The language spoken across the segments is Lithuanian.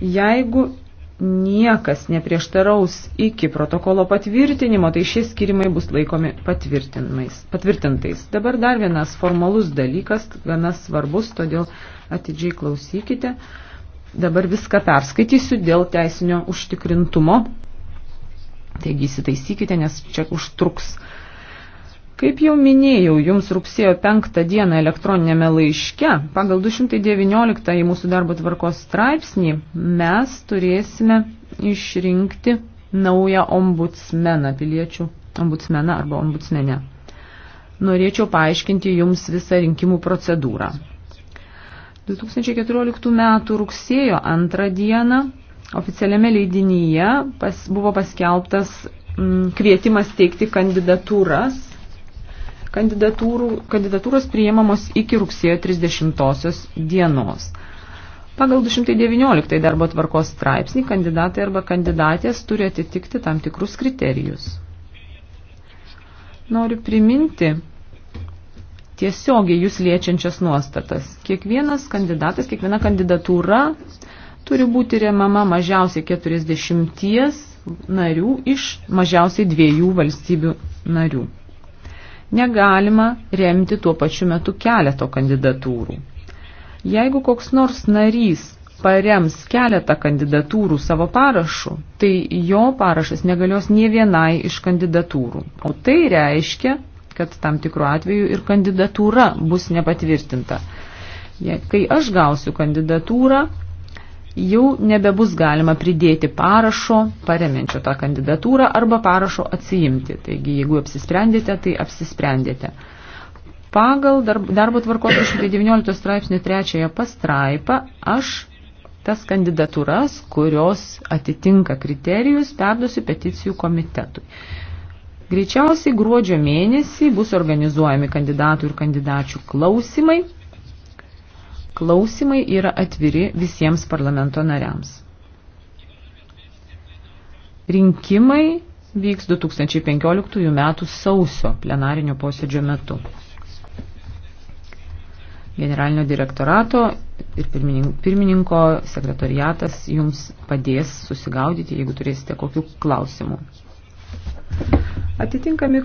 Jeigu niekas neprieštaraus iki protokolo patvirtinimo, tai šie skirimai bus laikomi patvirtintais. Dabar dar vienas formalus dalykas, gana svarbus, todėl atidžiai klausykite. Dabar viską perskaitysiu dėl teisinio užtikrintumo. Taigi įsitaisykite, nes čia užtruks Kaip jau minėjau, jums rugsėjo 5 dieną elektroninėme laiške pagal 219 į mūsų darbo tvarkos straipsnį mes turėsime išrinkti naują ombudsmeną, piliečių ombudsmeną arba ombudsmenę. Norėčiau paaiškinti jums visą rinkimų procedūrą. 2014 m. rugsėjo 2 dieną oficialiame leidinyje pas, buvo paskelbtas m, mm, kvietimas teikti kandidatūras kandidatūros priėmamos iki rugsėjo 30 dienos. Pagal 219 darbo tvarkos straipsnį kandidatai arba kandidatės turi atitikti tam tikrus kriterijus. Noriu priminti tiesiogiai jūs liečiančias nuostatas. Kiekvienas kandidatas, kiekviena kandidatūra turi būti remama mažiausiai 40 narių iš mažiausiai dviejų valstybių narių negalima remti tuo pačiu metu keleto kandidatūrų. Jeigu koks nors narys parems keletą kandidatūrų savo parašu, tai jo parašas negalios nie vienai iš kandidatūrų. O tai reiškia, kad tam tikru atveju ir kandidatūra bus nepatvirtinta. Kai aš gausiu kandidatūrą, jau nebebus galima pridėti parašo paremenčio tą kandidatūrą arba parašo atsiimti. Taigi, jeigu apsisprendėte, tai apsisprendėte. Pagal darbo tvarkos 219 straipsnio trečiąją pastraipą aš tas kandidatūras, kurios atitinka kriterijus, perduosiu peticijų komitetui. Greičiausiai gruodžio mėnesį bus organizuojami kandidatų ir kandidačių klausimai klausimai yra atviri visiems parlamento nariams. Rinkimai vyks 2015 m. sausio plenarinio posėdžio metu. Generalinio direktorato ir pirmininko sekretariatas jums padės susigaudyti, jeigu turėsite kokių klausimų. Atitinkami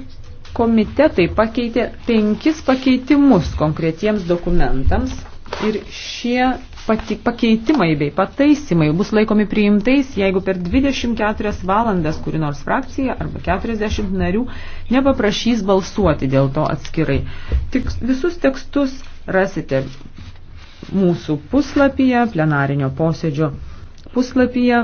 komitetai pakeitė penkis pakeitimus konkretiems dokumentams Ir šie pati, pakeitimai bei pataisimai bus laikomi priimtais, jeigu per 24 valandas kuri nors frakcija arba 40 narių nepaprašys balsuoti dėl to atskirai. Tik visus tekstus rasite mūsų puslapyje, plenarinio posėdžio puslapyje.